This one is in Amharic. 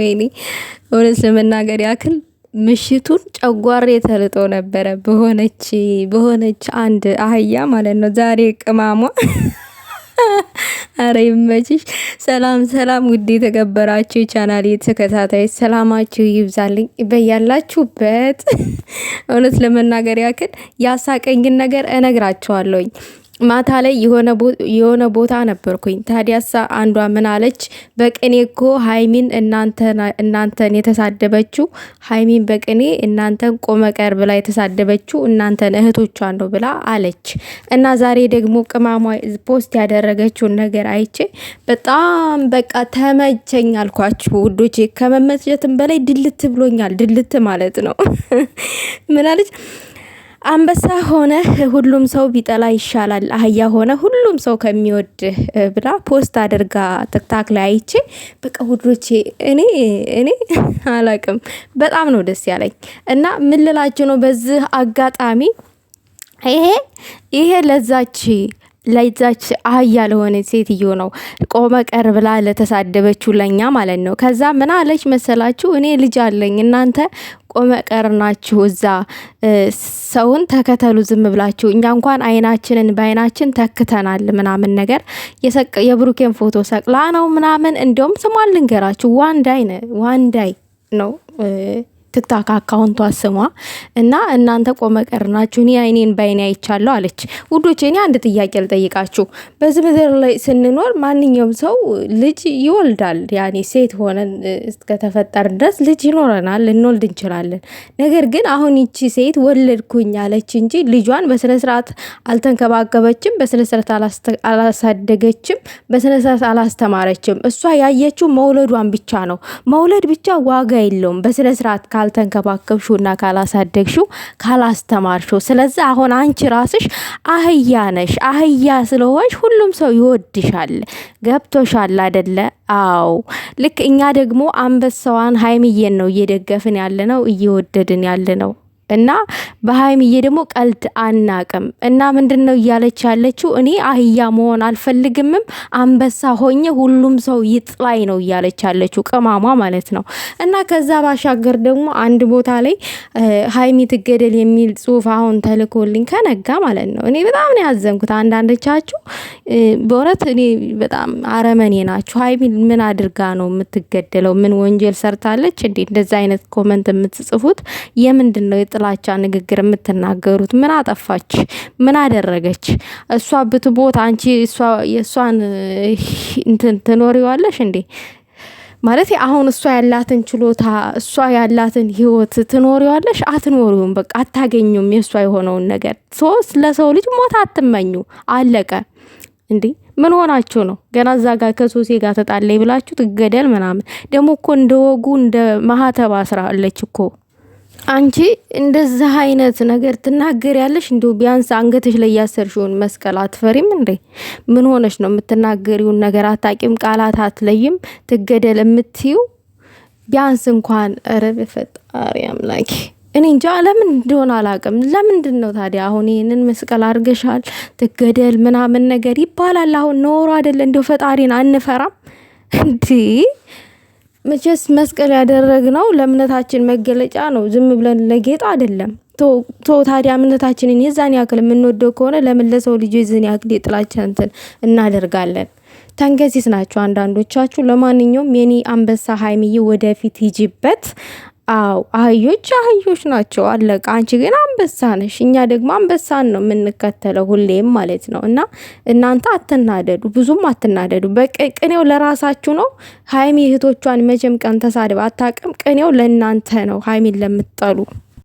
ወይኔ እውነት ለመናገር ያክል ምሽቱን ጨጓር የተልጦ ነበረ። በሆነች በሆነች አንድ አህያ ማለት ነው። ዛሬ ቅማሟ አረ ይመችሽ። ሰላም ሰላም፣ ውድ የተከበራችሁ ቻናል ተከታታዮች ሰላማችሁ ይብዛልኝ በያላችሁበት። እውነት ለመናገር ያክል ያሳቀኝን ነገር እነግራችኋለሁኝ። ማታ ላይ የሆነ ቦታ ነበርኩኝ። ታዲያሳ አንዷ ምን አለች? በቅኔ እኮ ሀይሚን እናንተን የተሳደበችው ሀይሚን በቅኔ እናንተን ቆመቀር ብላ የተሳደበችው እናንተን እህቶቿ ነው ብላ አለች። እና ዛሬ ደግሞ ቅማሟ ፖስት ያደረገችውን ነገር አይቼ በጣም በቃ ተመቸኝ አልኳችሁ ውዶቼ። ከመመቸትም በላይ ድልት ብሎኛል። ድልት ማለት ነው። ምን አለች? አንበሳ ሆነ ሁሉም ሰው ቢጠላ ይሻላል አህያ ሆነ ሁሉም ሰው ከሚወድ ብላ ፖስት አድርጋ ትክታክ ላይ አይቼ በቃ ውዶቼ፣ እኔ እኔ አላቅም በጣም ነው ደስ ያለኝ እና ምን ልላችሁ ነው በዚህ አጋጣሚ ይሄ ይሄ ለዛች ለዛች አህያ ለሆነች ሴትዮ ነው ቆመ ቀር ብላ ለተሳደበችው ለኛ ማለት ነው። ከዛ ምን አለች መሰላችሁ? እኔ ልጅ አለኝ እናንተ ቆመ ቀር ናችሁ። እዛ ሰውን ተከተሉ ዝም ብላችሁ። እኛ እንኳን አይናችንን በአይናችን ተክተናል ምናምን ነገር የብሩኬን ፎቶ ሰቅላ ነው ምናምን። እንዲሁም ስሟን ልንገራችሁ፣ ዋንዳይ ዋንዳይ ነው ትታ ከአካውንቷ ስሟ እና እናንተ ቆመቀር ናችሁ፣ እኔ አይኔን በአይኔ አይቻለሁ አለች። ውዶች እኔ አንድ ጥያቄ ልጠይቃችሁ። በዚህ ምድር ላይ ስንኖር ማንኛውም ሰው ልጅ ይወልዳል። ያኔ ሴት ሆነን እስከተፈጠርን ድረስ ልጅ ይኖረናል፣ ልንወልድ እንችላለን። ነገር ግን አሁን ይቺ ሴት ወለድኩኝ አለች እንጂ ልጇን በስነስርዓት አልተንከባከበችም፣ በስነስርዓት አላሳደገችም፣ በስነስርዓት አላስተማረችም። እሷ ያየችው መውለዷን ብቻ ነው። መውለድ ብቻ ዋጋ የለውም በስነስርዓት ካልተንከባከብሽውና ካላሳደግሽው ካላስተማርሽው፣ ስለዚ አሁን አንቺ ራስሽ አህያ ነሽ። አህያ ስለሆንሽ ሁሉም ሰው ይወድሻል። ገብቶሻል አደለ? አው ልክ እኛ ደግሞ አንበሳዋን ሀይምዬን ነው እየደገፍን ያለ ነው እየወደድን ያለ ነው። እና በሀይሚዬ ደግሞ ቀልድ አናቅም። እና ምንድን ነው እያለች ያለችው? እኔ አህያ መሆን አልፈልግምም አንበሳ ሆኜ ሁሉም ሰው ይጥላይ ነው እያለች ያለችው ቅማሟ ማለት ነው። እና ከዛ ባሻገር ደግሞ አንድ ቦታ ላይ ሀይሚ ትገደል የሚል ጽሁፍ አሁን ተልኮልኝ ከነጋ ማለት ነው። እኔ በጣም ነው ያዘንኩት። አንዳንዶቻችሁ በእውነት እኔ በጣም አረመኔ ናችሁ። ሀይሚ ምን አድርጋ ነው የምትገደለው? ምን ወንጀል ሰርታለች እንዴ? እንደዚ አይነት ኮመንት የምትጽፉት የምንድን ነው የጥላቻ ንግግር የምትናገሩት? ምን አጠፋች? ምን አደረገች? እሷ ብትሞት አንቺ የእሷን እንትን ትኖሪዋለሽ እንዴ? ማለት አሁን እሷ ያላትን ችሎታ እሷ ያላትን ህይወት ትኖሪዋለሽ? አትኖሪውም። በቃ አታገኙም የእሷ የሆነውን ነገር። ሶስት ለሰው ልጅ ሞት አትመኙ። አለቀ እንዴ! ምን ሆናችሁ ነው? ገና እዛ ጋር ከሶሴ ጋር ተጣለ ብላችሁ ትገደል ምናምን። ደግሞ እኮ እንደ ወጉ እንደ ማህተብ አስራለች እኮ አንቺ እንደዛ አይነት ነገር ያለሽ እንዲሁ ቢያንስ አንገትሽ ላይ ያሰርሽውን መስቀል አትፈሪም እንዴ? ምን ሆነሽ ነው? የምትናገሪውን ነገር አታቂም፣ ቃላት አትለይም፣ ትገደል የምትዩ ቢያንስ እንኳን ኧረ በፈጣሪ አምላኬ እኔ እንጃ ለምን እንደሆነ አላውቅም። ለምንድን ነው ታዲያ አሁን ይህንን መስቀል አድርገሻል ትገደል ምናምን ነገር ይባላል። አሁን ኖሮ አይደለ? እንዲሁ ፈጣሪን አንፈራም እንዴ? መቼስ መስቀል ያደረግነው ለእምነታችን መገለጫ ነው፣ ዝም ብለን ለጌጥ አይደለም። ቶ ታዲያ እምነታችንን የዛን ያክል የምንወደው ከሆነ ለምን ለሰው ልጆ ዝን ያክል የጥላቻ እንትን እናደርጋለን? ተንገሲስ ናቸው አንዳንዶቻችሁ። ለማንኛውም የኔ አንበሳ ሀይሚዬ ወደፊት ይጅበት። አው አህዮች አህዮች ናቸው፣ አለቃ። አንቺ ግን አንበሳ ነሽ። እኛ ደግሞ አንበሳን ነው የምንከተለው ሁሌም ማለት ነው። እና እናንተ አትናደዱ፣ ብዙም አትናደዱ። በቅኔው ለራሳችሁ ነው። ሀይሚ እህቶቿን መቼም ቀን አታቅም። ቅኔው ለእናንተ ነው፣ ሀይሚን ለምትጠሉ